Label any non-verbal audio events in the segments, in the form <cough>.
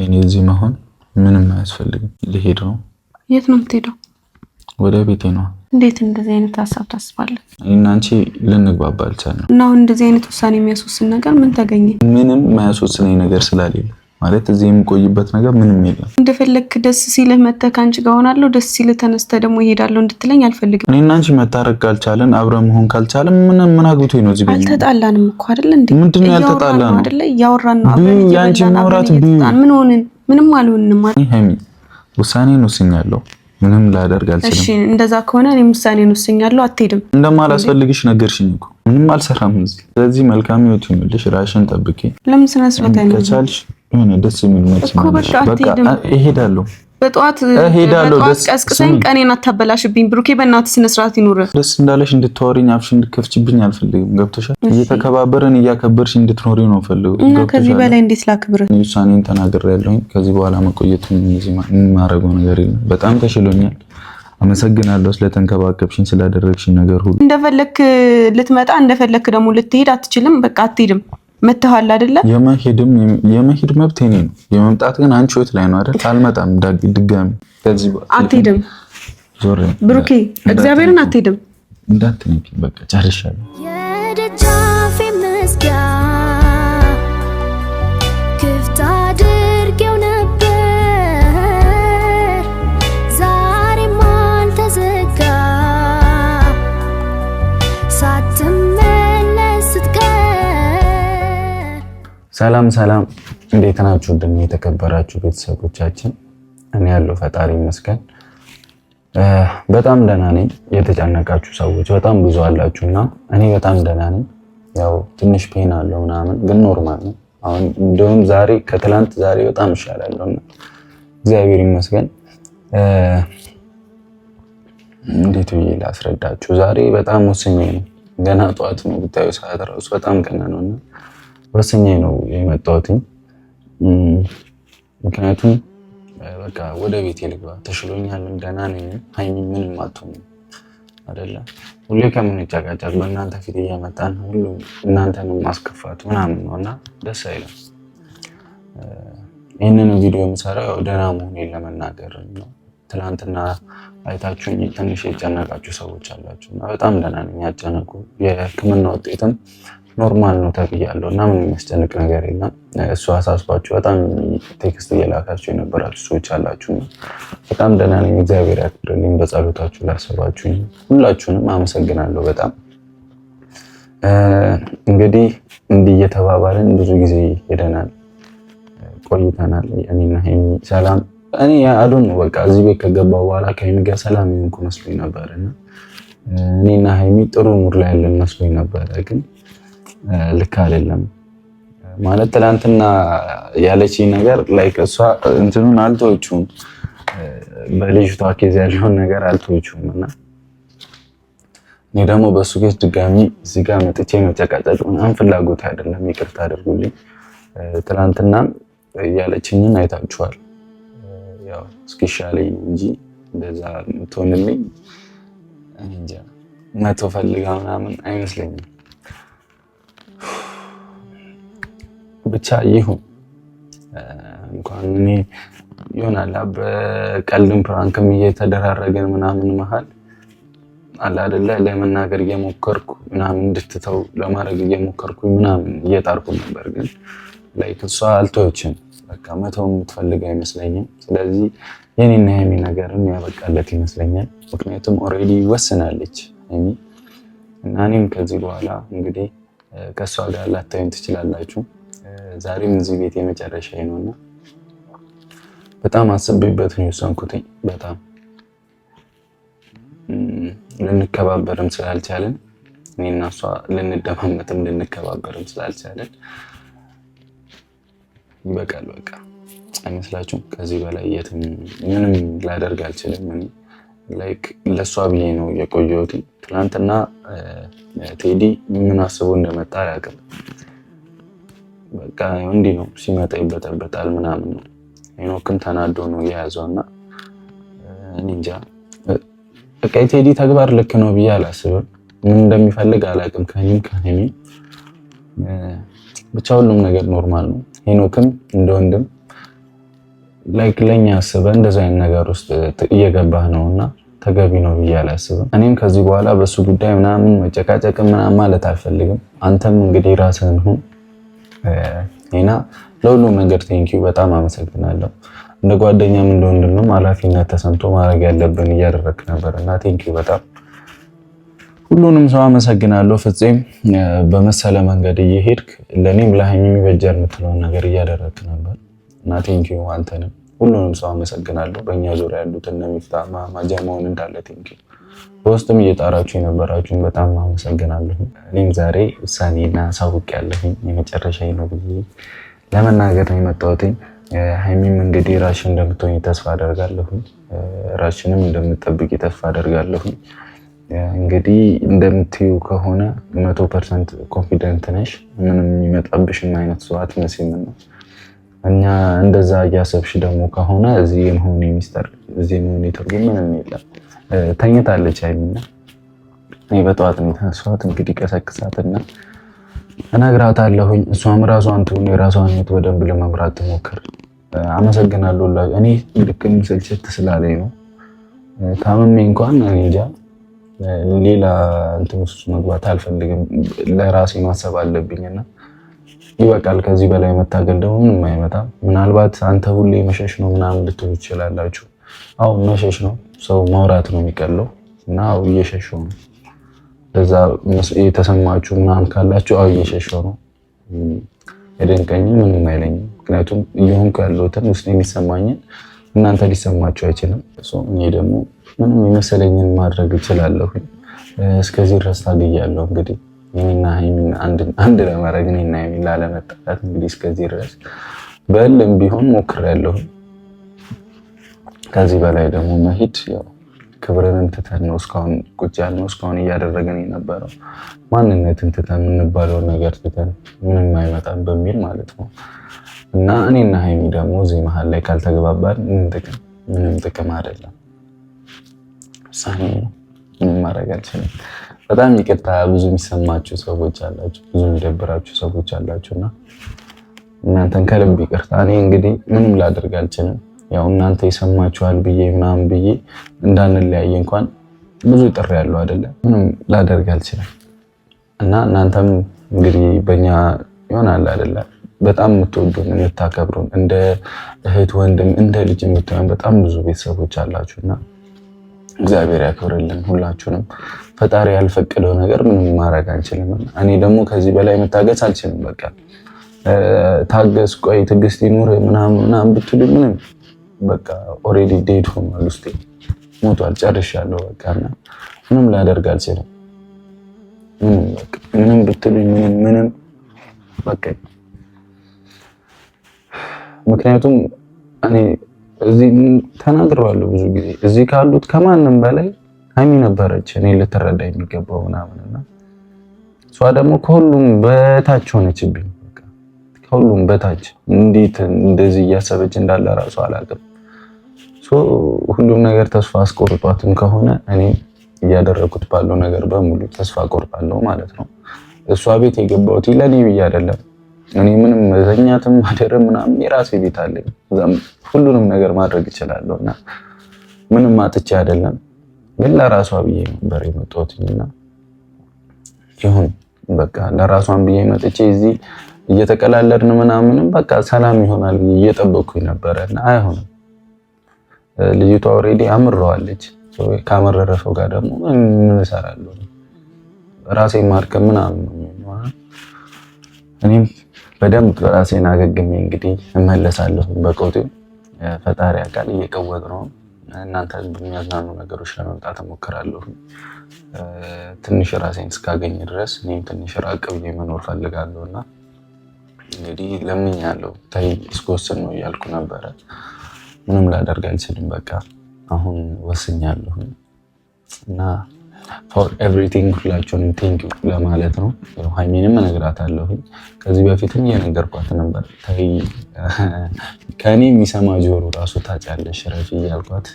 የኔ እዚህ መሆን ምንም አያስፈልግም። ልሄድ ነው። የት ነው የምትሄደው? ወደ ቤቴ ነው። እንዴት እንደዚህ አይነት ሀሳብ ታስባለህ? እኔና አንቺ ልንግባባ አልቻልንም እና አሁን እንደዚህ አይነት ውሳኔ የሚያስወስን ነገር ምን ተገኘ? ምንም የማያስወስነኝ ነገር ስላሌለ ማለት እዚህ የምቆይበት ነገር ምንም የለም። እንደፈለግክ ደስ ሲልህ መተህ ከአንቺ ጋር ሆናለሁ፣ ደስ ሲልህ ተነስተህ ደግሞ ይሄዳለሁ እንድትለኝ አልፈልግም። እኔ እና አንቺ መታረቅ ካልቻለን አብረ መሆን ካልቻለን ምን ምን አግብቶ ነው እዚህ? አልተጣላንም እኮ አይደለ እንዴ? ምንድን ነው ያልተጣላን? አይደለ እያወራን ነው አብረን ያንቺ ማውራት ምን ሆንን? ምንም አልሆንንም። ውሳኔን ወስኛለሁ። ምንም ላደርግ አልችልም። እሺ እንደዛ ከሆነ እኔም ውሳኔን ወስኛለሁ። አትሄድም። እንደማላስፈልግሽ ነገርሽኝ እኮ ምንም አልሰራም እዚህ። ስለዚህ መልካም ህይወት ይሁንልሽ፣ ራሽን ጠብቂ። ለምን ስነስረት አይነት ከቻልሽ ሆነ ደስ የሚል መልስ እሄዳለሁ በጠዋት ቀስቅሰኝ ቀኔን አታበላሽብኝ። ብሩኬ በእናትህ ስነ ስርዓት ይኑር። ደስ እንዳለሽ እንድታወሪኝ አፍሽ እንድከፍችብኝ አልፈልግም። ገብቶሻል? እየተከባበረን እያከበርሽ እንድትኖሪ ነው ፈልገው። ከዚህ በላይ እንዴት ላክብር? ውሳኔን ተናግሬያለሁኝ። ከዚህ በኋላ መቆየቱን የማደርገው ነገር የለም። በጣም ተሽሎኛል። አመሰግናለሁ ስለተንከባከብሽኝ ስላደረግሽኝ ነገር ሁሉ። እንደፈለክ ልትመጣ እንደፈለክ ደግሞ ልትሄድ አትችልም። በቃ አትሄድም። መተዋል አይደለ? የመሄድ መብት የኔ ነው። የመምጣት ግን አንቺ ወት ላይ ነው አይደል? አልመጣም። ድጋሚ ከዚህ አትሄድም። ዞር ብሩኬ እግዚአብሔርን አትሄድም። እንዳትነኪ በቃ ጨርሻለሁ። ሰላም ሰላም፣ እንዴት ናችሁ? እንደምን የተከበራችሁ ቤተሰቦቻችን፣ እኔ ያለው ፈጣሪ ይመስገን በጣም ደህና ነኝ። የተጨነቃችሁ ሰዎች በጣም ብዙ አላችሁ እና እኔ በጣም ደህና ነኝ። ያው ትንሽ ፔን አለው ምናምን፣ ግን ኖርማል ነው። አሁን እንዲሁም ዛሬ ከትላንት ዛሬ በጣም ይሻላለሁ እና እግዚአብሔር ይመስገን። እንዴት ብዬ ላስረዳችሁ? ዛሬ በጣም ወስኜ ነው። ገና ጠዋት ነው ብታዩ፣ ሰዓት ራሱ በጣም ቀና ነው እና ረሰኛ ነው የመጣሁትኝ። ምክንያቱም በቃ ወደ ቤት ልግባ ተሽሎኛልም፣ ደህና ነኝ። ሀይሚ ምንም አትሆንም አደለ? ሁሌ ከምንጨቃጨቅ በእናንተ ፊት እያመጣን ሁሉ እናንተንም ማስከፋት ምናምን ነው እና ደስ አይለም። ይህንን ቪዲዮ የምሰራው ደህና መሆኔን ለመናገር ነው። ትናንትና አይታችሁኝ ትንሽ የጨነቃችሁ ሰዎች አላችሁ እና በጣም ደህና ነኝ፣ የህክምና ውጤትም ኖርማል ነው ተብያለሁ እና ምን የሚያስጨንቅ ነገር የለም። እሱ አሳስባችሁ በጣም ቴክስት እየላካችሁ የነበራችሁ ሰዎች አላችሁ። በጣም ደህና ነኝ፣ እግዚአብሔር ያክብርልኝ። በጸሎታችሁ ላሰባችሁኝ ሁላችሁንም አመሰግናለሁ። በጣም እንግዲህ እንዲህ እየተባባልን ብዙ ጊዜ ሄደናል፣ ቆይተናል። እኔና ሀይሚ ሰላም እኔ አዶን ነው በቃ እዚህ ቤት ከገባ በኋላ ከሀይሚ ጋር ሰላም ይሆንኩ መስሎኝ ነበር እና እኔና ሀይሚ ጥሩ ሙድ ላይ ያለን መስሎኝ ነበረ ግን ልክ አይደለም ማለት ትናንትና ያለች ነገር ላይክ እሷ እንትኑን አልተወችውም፣ በልጅቷ ኬዝ ያለውን ነገር አልተወችውም። እና እኔ ደግሞ በእሱ ኬዝ ድጋሚ እዚህ ጋር መጥቼ መጨቃጨቅ ምናምን ፍላጎት አይደለም። ይቅርታ አድርጉልኝ። ትናንትናም ያለችኝን አይታችኋል። ያው እስኪሻለኝ እንጂ እንደዛ ትሆንልኝ መቶ ፈልጋ ምናምን አይመስለኝም። ብቻ ይሁን እንኳን እኔ ይሆናል በቀልድም ፕራንክም እየተደራረገን ምናምን መሀል አለ አደለ ለመናገር እየሞከርኩ ምናምን እንድትተው ለማድረግ እየሞከርኩ ምናምን እየጣርኩ ነበር፣ ግን ላይክ እሷ አልተወችም። በቃ መተው የምትፈልግ አይመስለኝም። ስለዚህ የኔና ሀይሚ ነገርም ያበቃለት ይመስለኛል። ምክንያቱም ኦልሬዲ ወስናለች ሀይሚ እና እኔም ከዚህ በኋላ እንግዲህ ከእሷ ጋር ላታዩን ትችላላችሁ። ዛሬም እዚህ ቤት የመጨረሻ ነው እና በጣም አስቤበት ነው የወሰንኩትኝ። በጣም ልንከባበርም ስላልቻለን እኔና እሷ ልንደማመጥም ልንከባበርም ስላልቻለን ይበቃል በቃ አይመስላችሁም? ከዚህ በላይ የትም ምንም ላደርግ አልችልም። ላይክ ለእሷ ብዬ ነው የቆየሁት። ትናንትና ቴዲ ምን አስቦ እንደመጣ አላውቅም። በቃ እንዲህ ነው ሲመጣ ይበጠበጣል ምናምን ነው። ሄኖክም ተናዶ ነው የያዘው እና እንጃ በቃ የቴዲ ተግባር ልክ ነው ብዬ አላስብም። ምን እንደሚፈልግ አላውቅም። ከኔም ከኔ ብቻ ሁሉም ነገር ኖርማል ነው። ሄኖክም እንደ ወንድም ላይክ ለኛ አስበ እንደዛ አይነት ነገር ውስጥ እየገባህ ነው እና ተገቢ ነው ብዬ አላስብም። እኔም ከዚህ በኋላ በሱ ጉዳይ ምናምን መጨቃጨቅ ምናምን ማለት አልፈልግም። አንተም እንግዲህ ራስህን ሁን። ና ለሁሉም ነገር ቴንኪው በጣም አመሰግናለሁ። እንደ ጓደኛም እንደ ወንድምም ኃላፊነት ተሰምቶ ማድረግ ያለብን እያደረግ ነበር እና ቴንኪው በጣም ሁሉንም ሰው አመሰግናለሁ። ፍፄም በመሰለ መንገድ እየሄድክ ለእኔም ለሀይሚ የሚበጀር የምትለውን ነገር እያደረግ ነበር እና ቴንኪው አንተንም ሁሉንም ሰው አመሰግናለሁ። በእኛ ዙሪያ ያሉትን ነሚፍታ ማጃ መሆን እንዳለ ቴንኪው በውስጥም እየጣራችሁ የነበራችሁን በጣም አመሰግናለሁ። እኔም ዛሬ ውሳኔና ሳውቅ ያለሁኝ የመጨረሻ ነው ብዬ ለመናገር ነው የመጣሁትኝ። ሀይሚም እንግዲህ ራሽን እንደምትሆኝ ተስፋ አደርጋለሁኝ። ራሽንም እንደምጠብቅ ተስፋ አደርጋለሁኝ። እንግዲህ እንደምትዩ ከሆነ መቶ ፐርሰንት ኮንፊደንት ነሽ። ምንም የሚመጣብሽም አይነት ሰው አትመስይም ነው እኛ እንደዛ እያሰብሽ ደግሞ ከሆነ እዚህ የመሆን ሚስጥር እዚህ የመሆን ትርጉም ምንም የለም። ተኝታለች ሀይሚና እኔ በጠዋት የተነሳኋት እንግዲህ ቀሰቅሳትና እነግራታለሁኝ። እሷም ራሷን ትሁን የራሷን ህይወት በደንብ ለመምራት ትሞክር። አመሰግናለሁ እኔ ልክ ስልችት ስላለኝ ነው ታምሜ እንኳን እንጃ ሌላ እንትን ውስጥ መግባት አልፈልግም። ለራሴ ማሰብ አለብኝና ይበቃል። ከዚህ በላይ መታገል ደግሞ ምንም አይመጣም። ምናልባት አንተ ሁሌ መሸሽ ነው ምናምን ልትሆን ይችላላችሁ። አሁን መሸሽ ነው ሰው ማውራት ነው የሚቀለው እና አው ነው። ለዛ የተሰማችሁ ምናምን ካላችሁ አው እየሸሸው ነው። የደንቀኝ ምንም አይለኝም። ምክንያቱም እየሆንኩ ያለሁትን ውስጥ የሚሰማኝን እናንተ ሊሰማችሁ አይችልም። እኔ ደግሞ ምንም የመሰለኝን ማድረግ እችላለሁ። እስከዚህ ድረስ ታግያለሁ። እንግዲህ እኔና አንድ ለማድረግ እኔና ሀይሚን ላለመጣላት እንግዲህ እስከዚህ ድረስ በህልም ቢሆን ሞክሬያለሁ። ከዚህ በላይ ደግሞ መሄድ ያው ክብርን ትተን ነው እስካሁን ቁጭ ያልነው፣ እስካሁን እያደረገን የነበረው ማንነትን ትተን የምንባለውን ነገር ትተን ምንም አይመጣም በሚል ማለት ነው። እና እኔና ሀይሚ ደግሞ እዚህ መሀል ላይ ካልተግባባን ምንም ጥቅም ምንም ጥቅም አይደለም። ውሳኔ ነው፣ ምንም ማድረግ አልችልም። በጣም ይቅርታ። ብዙ የሚሰማችሁ ሰዎች አላችሁ፣ ብዙ የሚደብራችሁ ሰዎች አላችሁ እና እናንተን ከልብ ይቅርታ። እኔ እንግዲህ ምንም ላደርግ አልችልም። ያው እናንተ ይሰማችኋል ብዬ ምናምን ብዬ እንዳንለያየ እንኳን ብዙ ጥሪ ያለው አይደለም ምንም ላደርግ አልችልም። እና እናንተም እንግዲህ በእኛ ይሆናል አይደለም በጣም የምትወዱን የምታከብሩን እንደ እህት ወንድም እንደ ልጅ የምትሆን በጣም ብዙ ቤተሰቦች አላችሁ እና እግዚአብሔር ያክብርልን ሁላችሁንም። ፈጣሪ ያልፈቀደው ነገር ምንም ማድረግ አንችልም። እኔ ደግሞ ከዚህ በላይ መታገስ አልችልም። በቃ ታገስ፣ ቆይ፣ ትዕግስት ይኑር ምናምን ምናምን ብትሉ ምንም በቃ ኦልሬዲ ዴድ ሆኗል። ውስጤ ሞቷል። ጨርሻለሁ በቃ እና ምንም ላደርግ አልችልም። ምንም በቃ ምንም ብትሉኝ ምንም ምንም በቃ ምክንያቱም እኔ እዚህ ተናግረዋለሁ ብዙ ጊዜ እዚህ ካሉት ከማንም በላይ ሀይሚ ነበረች እኔ ልትረዳ የሚገባው ምናምንና እሷ ደግሞ ከሁሉም በታች ሆነችብኝ። ከሁሉም በታች እንዴት እንደዚህ እያሰበች እንዳለ ራሱ አላውቅም። ሁሉም ነገር ተስፋ አስቆርጧትም ከሆነ እኔ እያደረኩት ባለው ነገር በሙሉ ተስፋ ቆርጣለሁ ማለት ነው። እሷ ቤት የገባሁት ለኔ ብዬ አይደለም። እኔ ምንም መተኛትም ማደርም ምናምን የራሴ ቤት አለኝ። ሁሉንም ነገር ማድረግ እችላለሁ እና ምንም አጥቼ አይደለም። ግን ለራሷ ብዬ ነበር የመጣሁትና ይሁን በቃ ለራሷን ብዬ መጥቼ እዚህ እየተቀላለድን ምናምንም በቃ ሰላም ይሆናል እየጠበኩኝ ነበረ እና አይሆንም ልጅቷ ኦልሬዲ አምረዋለች። ካመረረ ሰው ጋር ደግሞ ምን እሰራለሁ? ራሴን ምናምን እኔም በደንብ ራሴን አገግሜ እንግዲህ እመለሳለሁ። በቆቴ ፈጣሪ አቃል እየቀወጥ ነው። እናንተ በሚያዝናኑ ነገሮች ለመምጣት እሞክራለሁ። ትንሽ ራሴን እስካገኝ ድረስ እኔም ትንሽ ራቅ ብዬ መኖር ፈልጋለሁ እና እንግዲህ ለምኛለሁ። ተይ እስክወስን ነው እያልኩ ነበረ ምንም ላደርግ አልችልም። በቃ አሁን ወስኛለሁ እና ፎር ኤቭሪቲንግ ሁላችሁንም ቴንኪዩ ለማለት ነው። ሀይሜንም እነግራታለሁ። ከዚህ በፊትም እየነገርኳት ነበር፣ ከእኔ የሚሰማ ጆሮ ራሱ ታጫለሽ ረፊ እያልኳት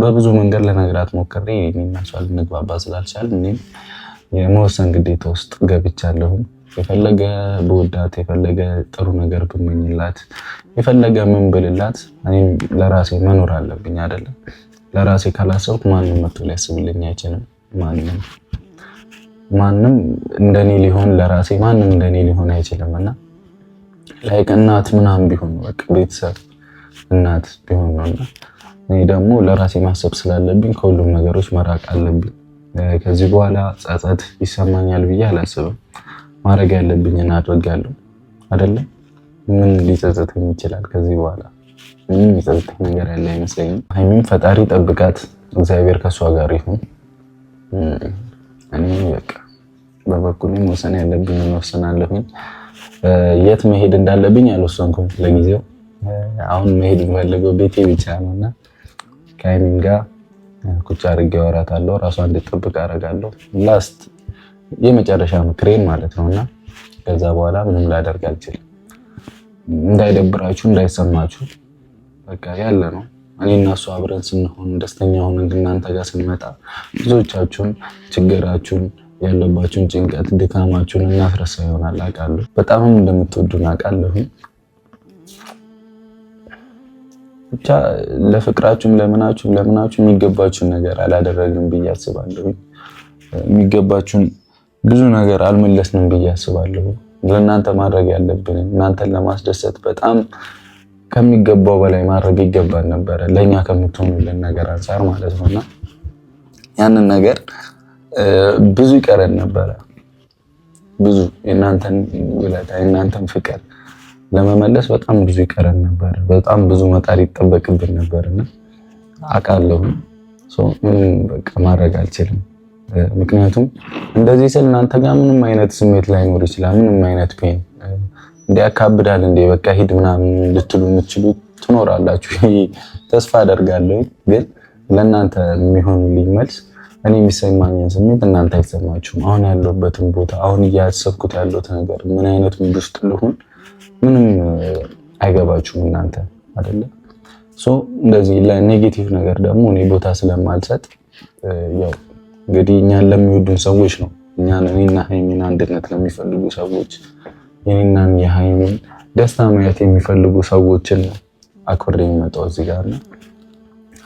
በብዙ መንገድ ለነግራት ሞክሬ እኔና እሷ ልንግባባ ስላልቻል እኔም የመወሰን ግዴታ ውስጥ ገብቻለሁም። የፈለገ ብወዳት የፈለገ ጥሩ ነገር ብመኝላት የፈለገ ምን ብልላት እኔም ለራሴ መኖር አለብኝ አይደለም። ለራሴ ካላሰብኩ ማንም መቶ ሊያስብልኝ አይችልም። ማንም ማንም እንደኔ ሊሆን ለራሴ ማንም እንደኔ ሊሆን አይችልም። እና ላይክ እናት ምናምን ቢሆን በቃ ቤተሰብ እናት ቢሆን ነው እና እኔ ደግሞ ለራሴ ማሰብ ስላለብኝ ከሁሉም ነገሮች መራቅ አለብኝ። ከዚህ በኋላ ጸጸት ይሰማኛል ብዬ አላስብም። ማድረግ ያለብኝን አድርጋለሁ። አይደለም ምን ሊጸጽተኝ ይችላል? ከዚህ በኋላ ምንም የሚጸጽተኝ ነገር ያለ አይመስለኝም። ሀይሚም ፈጣሪ ጠብቃት፣ እግዚአብሔር ከእሷ ጋር ይሁን። እኔ በቃ በበኩሌ መውሰን ያለብኝ መወሰን አለብኝ። የት መሄድ እንዳለብኝ አልወሰንኩም ለጊዜው። አሁን መሄድ የምፈልገው ቤቴ ብቻ ነው እና ከሀይሚም ጋር ኩቻ አድርጌ አወራታለሁ፣ ራሷ እንድጠብቅ አደርጋለሁ ላስት የመጨረሻ ምክሬን ማለት ነው እና ከዛ በኋላ ምንም ላደርግ አልችልም። እንዳይደብራችሁ እንዳይሰማችሁ፣ በቃ ያለ ነው። እኔ እና እሱ አብረን ስንሆን ደስተኛ ሆነን እናንተ ጋር ስንመጣ ብዙዎቻችሁን ችግራችሁን ያለባችሁን ጭንቀት ድካማችሁን እናፍረሳ ይሆናል አውቃለሁ። በጣምም እንደምትወዱን አቃለሁ ብቻ ለፍቅራችሁም ለምናችሁም ለምናችሁ የሚገባችሁን ነገር አላደረግም ብዬ አስባለሁ። የሚገባችሁን ብዙ ነገር አልመለስንም ብዬ አስባለሁ። ለእናንተ ማድረግ ያለብንን እናንተን ለማስደሰት በጣም ከሚገባው በላይ ማድረግ ይገባል ነበረ፣ ለእኛ ከምትሆኑልን ነገር አንጻር ማለት ነው። እና ያንን ነገር ብዙ ይቀረን ነበረ። ብዙ የእናንተን ውለታ የእናንተን ፍቅር ለመመለስ በጣም ብዙ ይቀረን ነበረ። በጣም ብዙ መጣር ይጠበቅብን ነበርና አውቃለሁ። በቃ ማድረግ አልችልም ምክንያቱም እንደዚህ ስል እናንተ ጋር ምንም አይነት ስሜት ላይኖር ይችላል። ምንም አይነት ፔን እንዲያካብዳል እንዴ በቃ ሂድ ምናምን ልትሉ የምትችሉ ትኖራላችሁ። ተስፋ አደርጋለሁ። ግን ለእናንተ የሚሆንልኝ መልስ እኔ የሚሰማኝን ስሜት እናንተ አይሰማችሁም። አሁን ያለሁበትን ቦታ፣ አሁን እያሰብኩት ያለሁት ነገር፣ ምን አይነት ሙድ ውስጥ ልሁን ምንም አይገባችሁም እናንተ አይደለም። እንደዚህ ለኔጌቲቭ ነገር ደግሞ እኔ ቦታ ስለማልሰጥ ያው እንግዲህ እኛን ለሚወዱን ሰዎች ነው። እኛን እኔና ሀይሚን አንድነት ለሚፈልጉ ሰዎች የኔናም የሀይሚን ደስታ ማየት የሚፈልጉ ሰዎችን ነው አክብሬ የሚመጣው እዚህ ጋር ነው።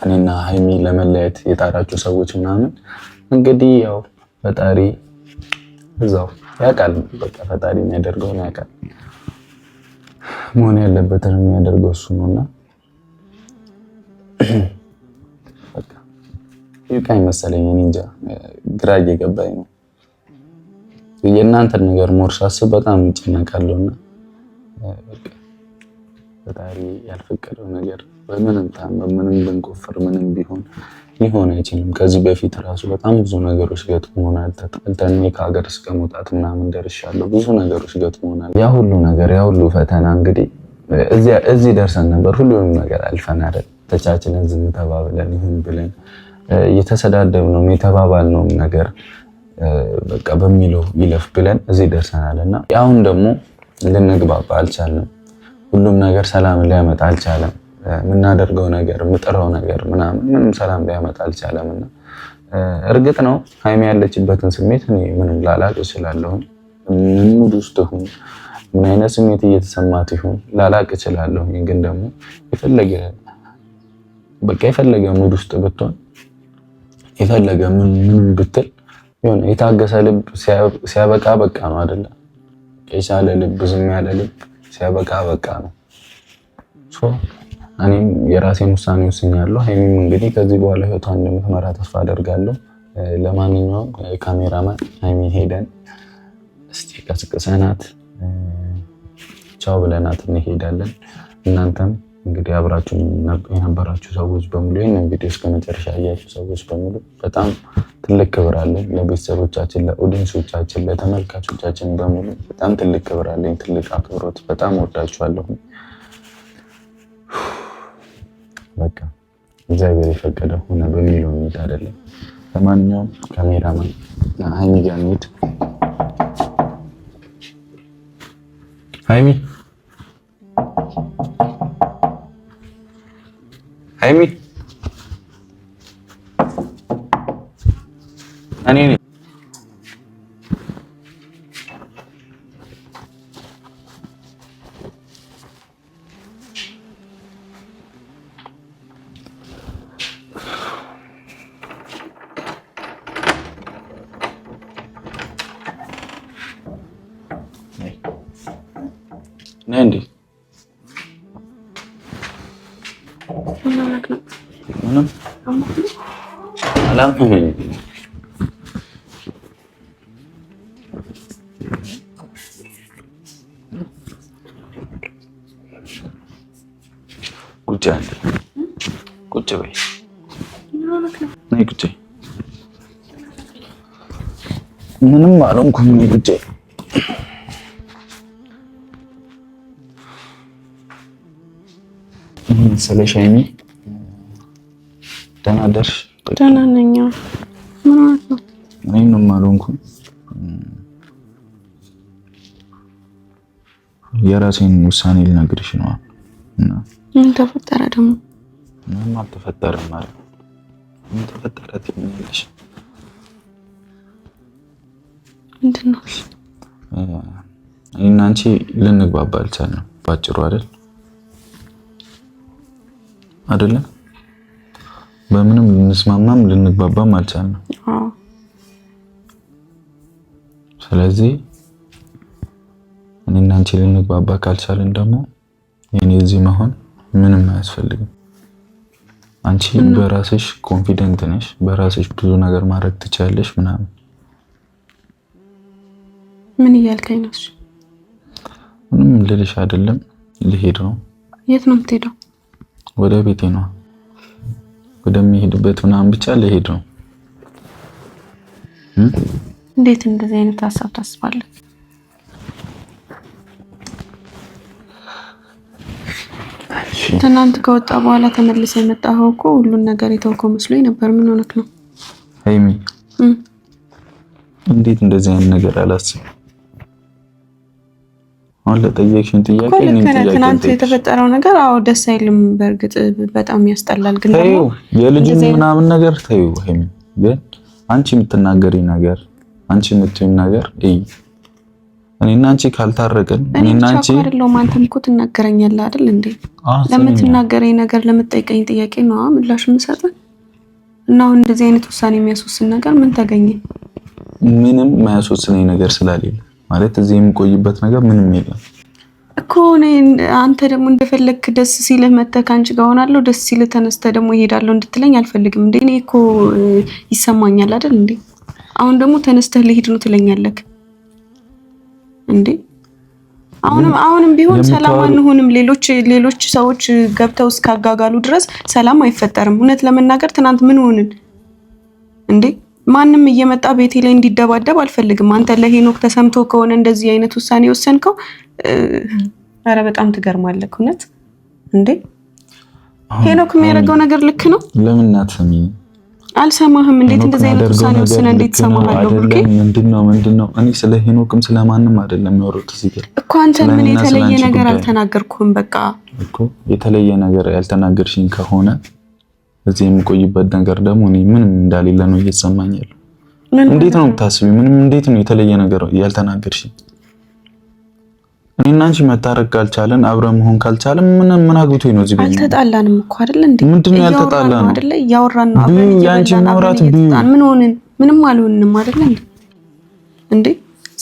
እኔና ሀይሚ ለመለየት የጣራችሁ ሰዎች ምናምን እንግዲህ ያው ፈጣሪ እዛው ያውቃል። በቃ ፈጣሪ የሚያደርገውን ያውቃል። መሆን ያለበትን የሚያደርገው እሱ ነውና <clears throat> ይብቃኝ መሰለኝ። እኔ እንጃ ግራ እየገባኝ ነው። የእናንተን ነገር ሞር ሳስብ በጣም ይጨነቃለሁና ፈጣሪ ያልፈቀደው ነገር በምንም ታምር ምንም ብንቆፍር ምንም ቢሆን ሊሆን አይችልም። ከዚህ በፊት ራሱ በጣም ብዙ ነገሮች ገጥሞናል። ተጣልተን ከሀገር እስከ መውጣት ምናምን ደርሻለሁ። ብዙ ነገሮች ገጥሞናል። ያ ሁሉ ነገር ያ ሁሉ ፈተና እንግዲህ እዚህ ደርሰን ነበር። ሁሉንም ነገር አልፈን አይደል? ተቻችለን ዝም ተባብለን ይሁን ብለን የተሰዳደብ ነው የተባባል ነው ነገር በቃ በሚለው ይለፍ ብለን እዚህ ደርሰናል። እና አሁን ደግሞ ልንግባባ አልቻለም። ሁሉም ነገር ሰላም ሊያመጣ አልቻለም። የምናደርገው ነገር የምጥረው ነገር ምናምን ምንም ሰላም ሊያመጣ አልቻለም። እና እርግጥ ነው ሀይሚ ያለችበትን ስሜት እኔ ምንም ላላቅ እችላለሁም። ምን ሙድ ውስጥ ሁን ምን አይነት ስሜት እየተሰማት ይሁን ላላቅ እችላለሁ። ግን ደግሞ የፈለገ በቃ የፈለገ ሙድ ውስጥ ብትሆን የፈለገ ምን ብትል ሆነ የታገሰ ልብ ሲያበቃ በቃ ነው አደለ? የቻለ ልብ ዝም ያለ ልብ ሲያበቃ በቃ ነው። እኔም የራሴን ውሳኔ ወስኛለሁ። ሀይሚም እንግዲህ ከዚህ በኋላ ህይወቷን እንደምትመራ ተስፋ አደርጋለሁ። ለማንኛውም ካሜራማን ሀይሚ ሄደን እስቲ ቀስቅሰናት ቻው ብለናት እንሄዳለን እናንተም እንግዲህ አብራችሁ የነበራችሁ ሰዎች በሙሉ ይህን እንግዲህ እስከ መጨረሻ ያያችሁ ሰዎች በሙሉ በጣም ትልቅ ክብር አለኝ። ለቤተሰቦቻችን፣ ለኦዲንሶቻችን፣ ለተመልካቾቻችን በሙሉ በጣም ትልቅ ክብር አለኝ፣ ትልቅ አክብሮት። በጣም ወዳችኋለሁ። በቃ እግዚአብሔር የፈቀደ ሆነ በሚለው ሚት አይደለም። ለማንኛውም ካሜራማን ሀይሚ ጋር እንሂድ። ሀይሚ Emi. Ani nah, ini. Nandy. ቁጭ አለ ቁጭ በይ ነይ ቁጭ ምንም አልሆንኩም ነይ ቁጭ ስለሽ ሀይሚ ደህና ደርሽ ደህና ነኝ። ምን ሆነህ ነው? እኔም ነው የማልሆንኩም። የራሴን ውሳኔ ልነግርሽ ነዋ። ምን ተፈጠረ ደግሞ? ምንም አልተፈጠረም። ምን ተፈጠረ ምንድን ነው? አንቺ ልንግባባ አልቻልንም። ባጭሩ አይደል አይደለም በምንም ልንስማማም ልንግባባም አልቻልንም። ስለዚህ እኔና አንቺ ልንግባባ ካልቻልን ደግሞ የኔ እዚህ መሆን ምንም አያስፈልግም። አንቺ በራስሽ ኮንፊደንት ነሽ፣ በራስሽ ብዙ ነገር ማድረግ ትችያለሽ ምናምን። ምን እያልከኝ ነው? ምንም ልልሽ አይደለም። ልሄድ ነው። የት ነው የምትሄደው? ወደ ቤቴ ነው። ወደሚሄድበት ምናምን ብቻ ለሄድ ነው። እንዴት እንደዚህ አይነት ሀሳብ ታስባለህ? ትናንት ከወጣ በኋላ ተመልሰ የመጣኸው እኮ ሁሉን ነገር የተውከው መስሎኝ ነበር። ምን ሆነህ ነው ሀይሚ? እንዴት እንደዚህ አይነት ነገር አላስብም አሁን ለጠየቅሽን ጥያቄ ትናንት የተፈጠረው ነገር አዎ፣ ደስ አይልም። በእርግጥ በጣም ያስጠላል። ግን ደግሞ የልጁን ምናምን ነገር ተይው። ሄም ግን አንቺ የምትናገሪ ነገር አንቺ የምትይው ነገር እይ፣ እኔና አንቺ ካልታረቅን እኔና አንቺ አይደለም። አንተም እኮ ትናገረኛለህ አይደል እንዴ? ለምትናገረኝ ነገር ለምትጠይቀኝ ጥያቄ ነው ምላሽ የምሰጥህ። እና አሁን እንደዚህ አይነት ውሳኔ የሚያስወስን ነገር ምን ተገኘ? ምንም የማያስወስነኝ ነገር ስላሌለ ማለት እዚህ የምቆይበት ነገር ምንም የለም እኮ እኔ አንተ ደግሞ እንደፈለግክ ደስ ሲልህ መተህ ከአንቺ ጋር ሆናለሁ፣ ደስ ሲልህ ተነስተህ ደግሞ ይሄዳለሁ እንድትለኝ አልፈልግም። እንደ እኔ እኮ ይሰማኛል አይደል እንዴ? አሁን ደግሞ ተነስተህ ልሂድ ነው ትለኛለህ እንዴ? አሁንም አሁንም ቢሆን ሰላም አንሆንም። ሌሎች ሌሎች ሰዎች ገብተው እስካጋጋሉ ድረስ ሰላም አይፈጠርም። እውነት ለመናገር ትናንት ምን ሆንን እንዴ? ማንም እየመጣ ቤቴ ላይ እንዲደባደብ አልፈልግም። አንተ ለሄኖክ ተሰምቶ ከሆነ እንደዚህ አይነት ውሳኔ ወሰንከው፣ አረ በጣም ትገርማለህ። እውነት እንዴ ሄኖክ የሚያደርገው ነገር ልክ ነው። ለምን ናትሚ አልሰማህም? እንዴት እንደዚህ አይነት ውሳኔ ወስነ እንዴት ሰማሃለሁ? ብሩኬ ምንድነው ምንድነው? እኔ ስለ ሄኖክም ስለ ማንም አይደለም የሚወሩት እዚህ ጋር እኮ። አንተ ምን የተለየ ነገር አልተናገርኩም። በቃ እኮ የተለየ ነገር ያልተናገርሽኝ ከሆነ እዚህ የምቆይበት ነገር ደግሞ እኔ ምንም እንዳሌለ ነው እየተሰማኝ ያለው። እንዴት ነው የምታስቢ? ምንም እንዴት ነው የተለየ ነገር ያልተናገርሽ? እኔና አንቺ መታረቅ ካልቻለን አብረ መሆን ካልቻለን ምን ምን አግብቶ ነው እዚህ ጋር? አልተጣላንም እኮ አይደል እንዴ? ምንድነው ያልተጣላን አይደል? እያወራን ነው አብረን። ያንቺ ማውራት ምን ሆነን ምንም አልሆንንም አይደል እንዴ? እንዴ?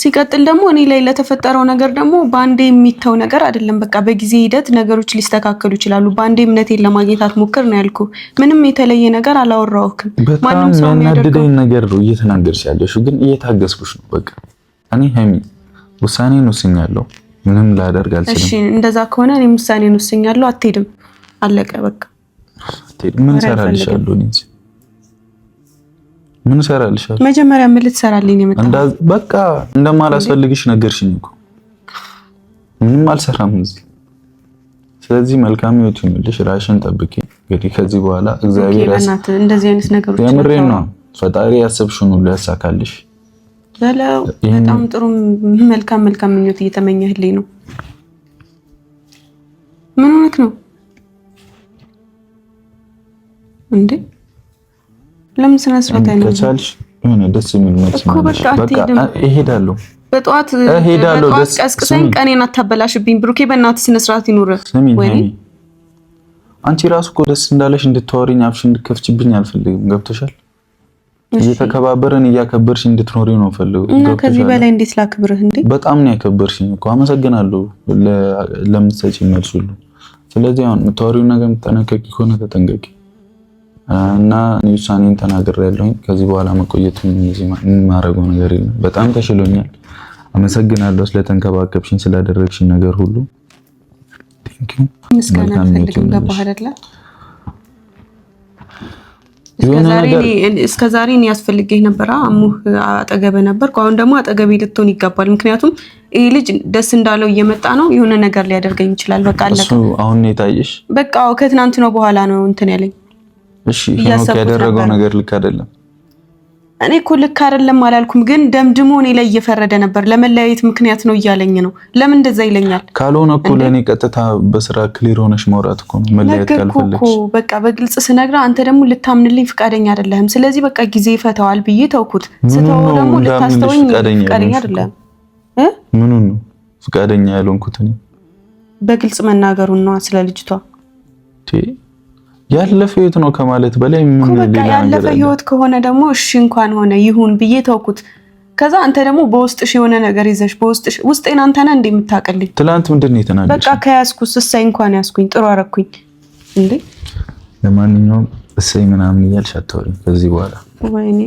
ሲቀጥል ደግሞ እኔ ላይ ለተፈጠረው ነገር ደግሞ በአንዴ የሚተው ነገር አይደለም። በቃ በጊዜ ሂደት ነገሮች ሊስተካከሉ ይችላሉ። በአንዴ እምነቴን ለማግኘት አትሞክር ነው ያልኩ። ምንም የተለየ ነገር አላወራሁክም። በጣም የሚያናድደኝ ነገር ነው እየተናገርሽ ያለሽው፣ ግን እየታገስኩሽ ነው። በቃ እኔ ሀይሚ ውሳኔን ወስኛለሁ። ምንም ላደርግ አልችልም። እሺ እንደዛ ከሆነ እኔም ውሳኔን ወስኛለሁ። አትሄድም፣ አለቀ በቃ። ምን ሰራልሻለሁ? ምን ሰራልሻል? መጀመሪያ ምን ልትሰራልኝ ነው የመጣው? በቃ እንደማላስፈልግሽ ነገርሽኝ እኮ ምንም አልሰራም እዚህ። ስለዚህ መልካም ህይወት ይሁንልሽ፣ ራሽን ጠብቂ። እንግዲህ ከዚህ በኋላ እግዚአብሔር እንደዚህ አይነት ነገሮች የምሬን ነው ፈጣሪ ያሰብሽውን ሁሉ ያሳካልሽ። በለው በጣም ጥሩ መልካም መልካም ምኞት እየተመኘህልኝ ነው። ምን እውነት ነው እንዴ? ለምን ስነ ስርዓት አይደለም? ከቻልሽ የሆነ ደስ የሚል መልስ እኮ በቃ እሄዳለሁ፣ በጠዋት እሄዳለሁ። ደስ ቀስቅሰኝ፣ ቀኔን አታበላሽብኝ። ብሩኬ በእናትህ ስነ ስርዓት ይኑር። አንቺ ራሱ እኮ ደስ እንዳለሽ እንድታወሪኝ አፍሽ እንድከፍችብኝ አልፈልግም። ገብቶሻል? እየተከባበርን እያከበርሽ እንድትኖሪ ነው ፈልጉ። እና ከዚህ በላይ እንዴት ላክብርህ እንዴ? በጣም ነው ያከበርሽኝ እኮ አመሰግናለሁ፣ ለምትሰጪ መልስ ሁሉ። ስለዚህ አሁን የምታወሪውን ነገር የምትጠነቀቂ ከሆነ ተጠንቀቂ። እና እኔ ውሳኔን ተናገር ያለሁኝ ከዚህ በኋላ መቆየት የማደርገው ነገር የለም። በጣም ተሽሎኛል። አመሰግናለሁ ስለተንከባከብሽኝ ስላደረግሽኝ ነገር ሁሉ ዛሬ እኔ ያስፈልገኝ ነበረ፣ አሙህ አጠገበ ነበር። አሁን ደግሞ አጠገቤ ልትሆን ይገባል። ምክንያቱም ይህ ልጅ ደስ እንዳለው እየመጣ ነው፣ የሆነ ነገር ሊያደርገኝ ይችላል። በቃ አሁን የታየሽ? በቃ ከትናንት ነው በኋላ ነው እንትን ያለኝ እሺ ያደረገው ነገር ልክ አይደለም። እኔ እኮ ልክ አይደለም አላልኩም፣ ግን ደምድሞ እኔ ላይ እየፈረደ ነበር። ለመለያየት ምክንያት ነው እያለኝ ነው። ለምን እንደዛ ይለኛል? ካልሆነ እኮ ለእኔ ቀጥታ በስራ ክሊር ሆነሽ ማውራት እኮ ነው። መለያየት ካልፈለግሽ በቃ በግልጽ ስነግራ፣ አንተ ደግሞ ልታምንልኝ ፍቃደኛ አይደለህም። ስለዚህ በቃ ጊዜ ይፈታዋል ብዬ ተውኩት። ስተው ደግሞ ልታስተውኝ ፍቃደኛ አይደለህም። ምኑን ነው ፍቃደኛ ያልሆንኩት? እኔ በግልጽ መናገሩን ነዋ ስለ ልጅቷ ያለፈ ህይወት ነው ከማለት በላይ ምን ሌላ ያለፈ ህይወት ከሆነ ደግሞ እሺ እንኳን ሆነ ይሁን ብዬ ተውኩት። ከዛ አንተ ደግሞ በውስጥሽ የሆነ ነገር ይዘሽ በውስጥሽ ውስጤን አንተ ነህ እንደ የምታውቅልኝ። ትናንት ምንድን ነው የተናደድሽ? በቃ ከያዝኩስ እሰይ እንኳን ያዝኩኝ ጥሩ አረኩኝ እንዴ። ለማንኛውም እሰይ ምናምን እያልሽ አታወሪኝ ከዚህ በኋላ ወይኔ።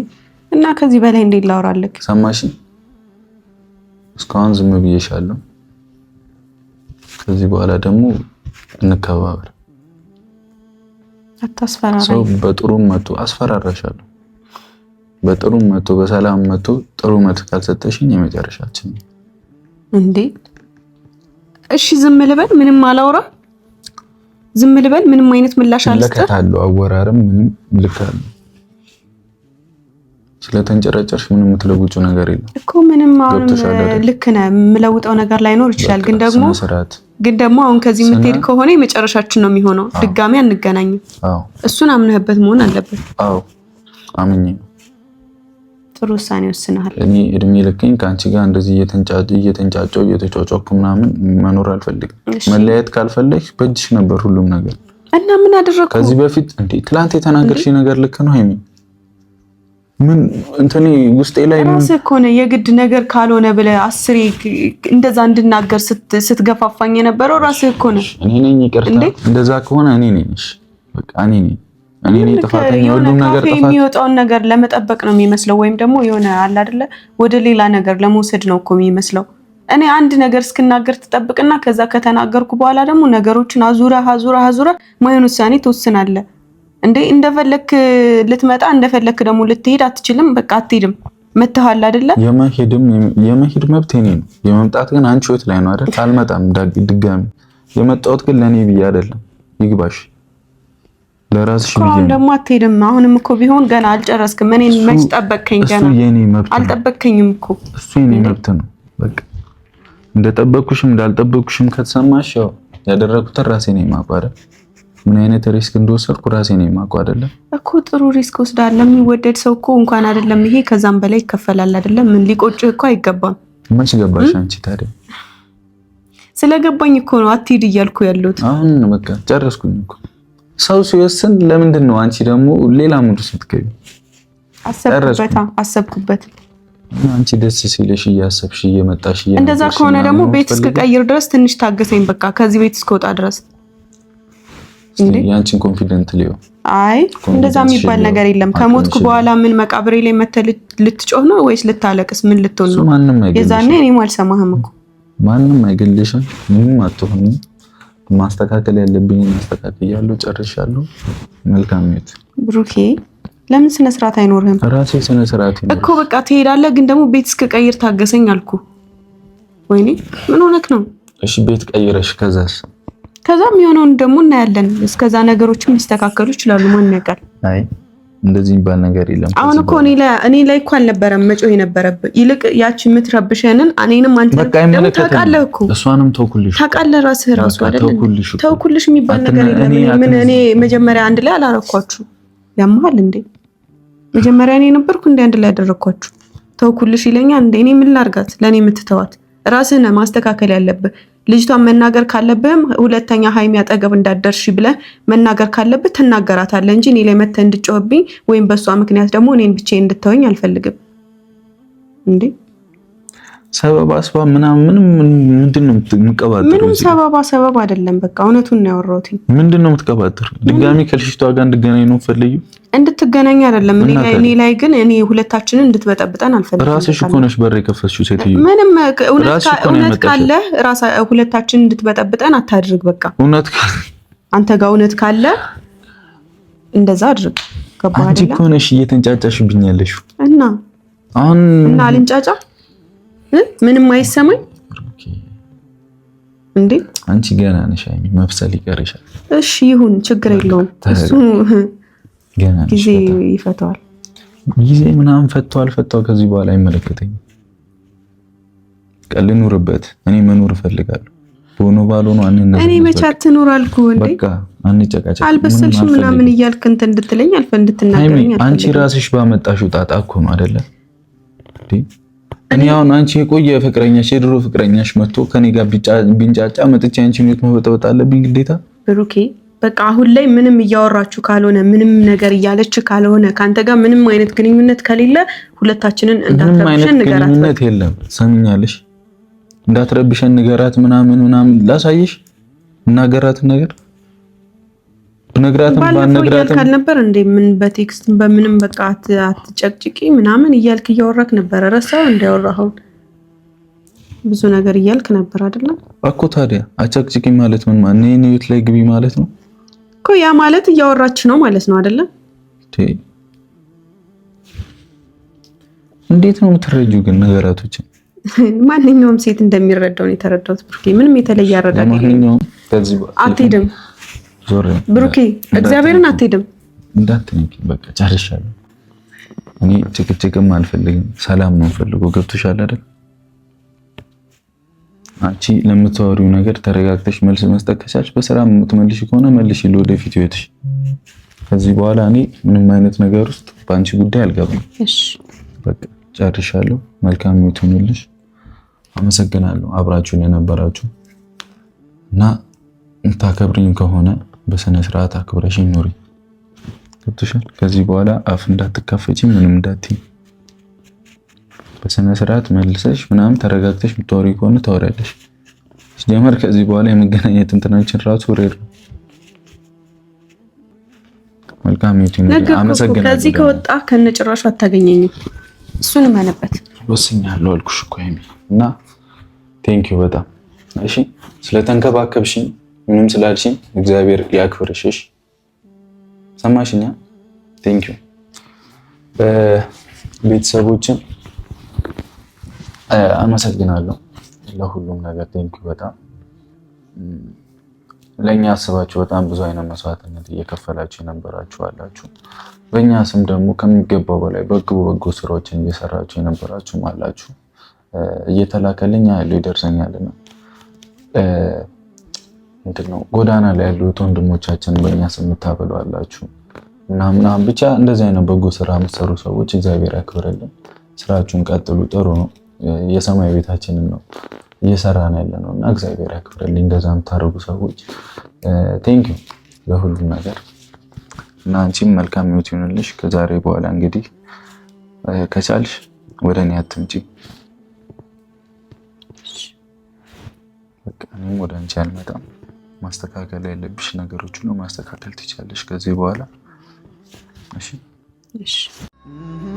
እና ከዚህ በላይ እንዴ ላወራለክ? ሰማሽ? እስካሁን ዝም ብዬሻለሁ። ከዚህ በኋላ ደግሞ እንከባበር ሰው በጥሩም መቶ አስፈራራሻለሁ። በጥሩም መቶ በሰላም መቶ ጥሩ መት ካልሰጠሽኝ የመጨረሻችን ነው እንዴ? እሺ ዝም ልበል? ምንም አላውራ? ዝም ልበል? ምንም አይነት ምላሽ አልስጠ? ልከታለሁ። አወራርም ምንም ልካለሁ ስለተንጨረጨርሽ ምንም የምትለውጩ ነገር የለም እኮ ምንም። አሁን ልክ ነህ፣ የምለውጠው ነገር ላይኖር ይችላል፣ ግን ደግሞ ግን ደግሞ አሁን ከዚህ የምትሄድ ከሆነ የመጨረሻችን ነው የሚሆነው። ድጋሚ አንገናኝም። እሱን አምነህበት መሆን አለበት። አዎ አምኜ ጥሩ ውሳኔ ወስነሃል። እኔ እድሜ ልክኝ ከአንቺ ጋር እንደዚህ እየተንጫጨው እየተጫጫኩ ምናምን መኖር አልፈልግም። መለያየት ካልፈለግሽ በእጅሽ ነበር ሁሉም ነገር እና ምን አደረግኩ ከዚህ በፊት እንዴ? ትላንት የተናገርሽ ነገር ልክ ነው ሀይሚ ምን እንትኔ ውስጤ ላይ ራስ ከሆነ የግድ ነገር ካልሆነ ብለ አስሬ እንደዛ እንድናገር ስትገፋፋኝ የነበረው ራስ ከሆነ እኔ ነኝ ይቅርታ። እንደዛ ከሆነ እኔ ነኝ። እሺ በቃ እኔ ነኝ እኔ ነኝ ጥፋተኛ። ሁሉም ነገር ጥፋት የሚወጣውን ነገር ለመጠበቅ ነው የሚመስለው፣ ወይም ደግሞ የሆነ አለ አይደለ ወደ ሌላ ነገር ለመውሰድ ነው እኮ የሚመስለው። እኔ አንድ ነገር እስክናገር ትጠብቅና ከዛ ከተናገርኩ በኋላ ደግሞ ነገሮችን አዙራ አዙራ አዙራ ማይሆን ውሳኔ ትወስናለህ። እንዴ እንደፈለክ ልትመጣ እንደፈለክ ደግሞ ልትሄድ አትችልም። በቃ አትሄድም። መተሃል አይደለ? የመሄድም የመሄድ መብት የኔ ነው። የመምጣት ግን አንቺ ወት ላይ ነው አይደል? አልመጣም ድጋሚ። የመጣሁት ግን ለእኔ ብዬ አይደለም። ይግባሽ ለራስሽ ብዬ ነው። ደግሞ አትሄድም። አሁንም እኮ ቢሆን ገና አልጨረስክም። እኔን መች ጠበቅከኝ? ገና እሱ የኔ መብት አልጠበቅከኝም እኮ እሱ የኔ መብት ነው። በቃ እንደጠበቅኩሽም እንዳልጠበቅኩሽም ከተሰማሽ ያው ያደረኩትን ራሴ ነው የማቋረጥ ምን አይነት ሪስክ እንደወሰድኩ ራሴ ነው የማውቁ። አይደለም እኮ ጥሩ ሪስክ ወስዳለ። የሚወደድ ሰው እኮ እንኳን አይደለም ይሄ ከዛም በላይ ይከፈላል። አይደለም ምን ሊቆጭህ እኮ አይገባም። መች ገባሽ አንቺ ታዲያ? ስለገባኝ እኮ ነው አትሄድ እያልኩ ያሉት። አሁን በቃ ጨረስኩኝ እኮ ሰው ሲወስን ለምንድን ነው አንቺ ደግሞ ሌላ ሙድ ስትገቢ? አሰብኩበት አሰብኩበት። አንቺ ደስ ሲልሽ እያሰብሽ እየመጣሽ እንደዛ ከሆነ ደግሞ ቤት እስክቀይር ድረስ ትንሽ ታገሰኝ። በቃ ከዚህ ቤት እስከወጣ ድረስ ያንቺን ኮንፊደንት ሊሆ አይ እንደዛ የሚባል ነገር የለም። ከሞትኩ በኋላ ምን መቃብሬ ላይ መተ ልትጮህ ነው ወይስ ልታለቅስ? ምን ልትሆን ነው? የዛኔ እኔም አልሰማህም እኮ ማንም አይገልሽም። ምንም አትሆኑ። ማስተካከል ያለብኝ ማስተካከያለሁ። ጨርሻለሁ። መልካም ት ብሩኬ፣ ለምን ስነ ስርዓት አይኖርህም? ራሴ ስነ ስርዓት እኮ በቃ ትሄዳለህ፣ ግን ደግሞ ቤት እስከ ቀይር ታገሰኝ አልኩ። ወይኔ ምን ሆነክ ነው? እሺ ቤት ቀይረሽ ከዛስ ከዛም የሆነውን ደግሞ እናያለን። እስከዛ ነገሮችም ሊስተካከሉ ይችላሉ። ማን ያውቃል? አይ እንደዚህ የሚባል ነገር የለም። አሁን እኮ እኔ ላይ እኮ አልነበረም መጮህ የነበረብህ። ይልቅ ያቺ የምትረብሸንን እኔንም አንተን ደግሞ ታውቃለህ እኮ እሷንም ተውኩልሽ ታውቃለህ። ራስህ ራሱ አይደለም ተውኩልሽ የሚባል ነገር የለም። ምን እኔ መጀመሪያ አንድ ላይ አላረኳችሁ? ያመሃል እንዴ? መጀመሪያ እኔ ነበርኩ እንደ አንድ ላይ ያደረኳችሁ። ተውኩልሽ ይለኛል እንዴ? እኔ ምን ላርጋት? ለእኔ የምትተዋት ራስህን ማስተካከል ያለብህ ልጅቷን መናገር ካለብህም ሁለተኛ ሀይሚ አጠገብ እንዳደርሽ ብለህ መናገር ካለብህ ትናገራታለህ እንጂ እኔ ላይ መተህ እንድጮህብኝ ወይም በእሷ ምክንያት ደግሞ እኔን ብቼ እንድተወኝ አልፈልግም። እንዴ ሰበብ አስባብ ምናምን ምንድን ነው የምትቀባጥሩ? ሰበባ ሰበብ አይደለም። በቃ እውነቱን ነው ያወራሁት። ምንድን ነው ድጋሚ ከልጅቷ ጋር እንድገናኝ ነው ፈልዩ እንድትገናኝ አይደለም። እኔ ላይ ግን እኔ ሁለታችንን እንድትበጠብጠን አልፈልግም። ራስሽ እኮ ነሽ በር የከፈትሽው ሴትዮ። ምንም እውነት ካለ ሁለታችንን እንድትበጠብጠን አታድርግ። በቃ እውነት አንተ ጋር እውነት ካለ እንደዛ አድርግ። ገባህ? አንቺ እኮ ነሽ እየተንጫጫሽብኝ ያለሽው እና አሁን እና አልንጫጫ ምንም አይሰማኝ እንዴ? አንቺ ገና ነሽ። አይ መብሰል ይቀርሻል። እሺ ይሁን፣ ችግር የለውም እሱ ጊዜ ይፈተዋል። ጊዜ ምናምን ፈቷል አልፈተው ከዚህ በኋላ አይመለከተኝም። ልኑርበት፣ እኔ መኖር እፈልጋለሁ። ሆኖ ባልሆነ እኔ መቼ አትኑር አልኩ እንዴ? በቃ አንጨቃጨቅ። አልበሰልሽም ምናምን እያልክ እንትን እንድትለኝ አልፈ እንድትናገረኝ አንቺ ራስሽ ባመጣሽው ጣጣ እኮ ነው አይደለ? እኔ አሁን አንቺ የቆየ ፍቅረኛሽ የድሮ ፍቅረኛሽ መጥቶ ከኔ ጋር ቢንጫጫ መጥቼ አንቺን ቤት መበጠበጥ አለብኝ ግዴታ ብሩኬ? በቃ አሁን ላይ ምንም እያወራችሁ ካልሆነ ምንም ነገር እያለች ካልሆነ ከአንተ ጋር ምንም አይነት ግንኙነት ከሌለ ሁለታችንን እንዳትረብሸን ንገራት። ግንኙነት የለም ሰምኛለሽ፣ እንዳትረብሸን ንገራት ምናምን ምናምን ላሳይሽ እናገራትን ነገር ነግራትም ባነግራትም ካልነበር እንደ ምን በቴክስት በምንም በቃ አትጨቅጭቂ ምናምን እያልክ እያወራክ ነበረ። ረሳው እንዳወራኸው ብዙ ነገር እያልክ ነበር አይደለም እኮ። ታዲያ አጨቅጭቂ ማለት ምን ማለት ነው? እኔ ህይወት ላይ ግቢ ማለት ነው። እኮ ያ ማለት እያወራች ነው ማለት ነው አይደለም? እንዴት ነው የምትረጁ ግን ነገራቶችን? ማንኛውም ሴት እንደሚረዳው ነው የተረዳሁት ብሩኬ። ምንም የተለየ አረዳድ አትሄድም ብሩኬ፣ እግዚአብሔርን አትሄድም። እንዳትነኪ በቃ ጨርሻለሁ። እኔ ጭቅጭቅም አልፈልግም፣ ሰላም ነው ፈልጎ ገብቶሻል አይደል? አንቺ ለምታወሪው ነገር ተረጋግተሽ መልስ መስጠት ከቻልሽ በስራ የምትመልሽ ከሆነ መልሽ፣ ለወደፊት ህይወትሽ። ከዚህ በኋላ እኔ ምንም አይነት ነገር ውስጥ በአንቺ ጉዳይ አልገባም። እሺ በቃ ጨርሻለሁ። መልካም ህይወት ይሁንልሽ። አመሰግናለሁ አብራችሁን የነበራችሁ እና የምታከብርኝ ከሆነ በስነ ስርዓት አክብረሽ ኑሪ። ገብቶሻል። ከዚህ በኋላ አፍ እንዳትካፈቺ ምንም እንዳትይ በስነ ስርዓት መልሰሽ ምናምን ተረጋግተሽ የምታወሪ ከሆነ ታወሪያለሽ። ሲጀመር ከዚህ በኋላ የመገናኘት እንትናችን ራሱ ሬር ነው። መልካም ዩቲንግ አመሰግናለሁ። ከዚህ ከወጣ ከነጭራሹ አታገኘኝም። እሱን መነበት ወስኛለሁ አልኩሽ እኮ እና ቴንክ ዩ በጣም እሺ፣ ስለተንከባከብሽኝ ምንም ስላልሽኝ እግዚአብሔር ያክብርሽሽ። ሰማሽኛ? ቴንክ ዩ ቤተሰቦችን አመሰግናለሁ ለሁሉም ነገር ቴንኪ። በጣም ለእኛ አስባችሁ በጣም ብዙ አይነት መስዋዕትነት እየከፈላችሁ የነበራችሁ አላችሁ። በእኛ ስም ደግሞ ከሚገባው በላይ በግቡ በጎ ስራዎችን እየሰራችሁ የነበራችሁም አላችሁ። እየተላከልኝ ያሉ ይደርሰኛል ነው ምንድን ነው ጎዳና ላይ ያሉት ወንድሞቻችን በእኛ ስም የምታበሉ አላችሁ። ምናምናም ብቻ እንደዚህ አይነት በጎ ስራ የምትሰሩ ሰዎች እግዚአብሔር ያክብርልን። ስራችሁን ቀጥሉ፣ ጥሩ ነው። የሰማይ ቤታችንን ነው እየሰራ ነው ያለ ነው እና እግዚአብሔር ያክብርልኝ። እንደዛ የምታደርጉ ሰዎች ቴንኪዩ ለሁሉም ነገር እና አንቺም መልካም ሕይወት ይሆንልሽ። ከዛሬ በኋላ እንግዲህ ከቻልሽ ወደ እኔ አትምጪ፣ እኔም ወደ አንቺ አልመጣም። ማስተካከል ያለብሽ ነገሮች ሁሉ ማስተካከል ትችላለሽ ከዚህ በኋላ እሺ።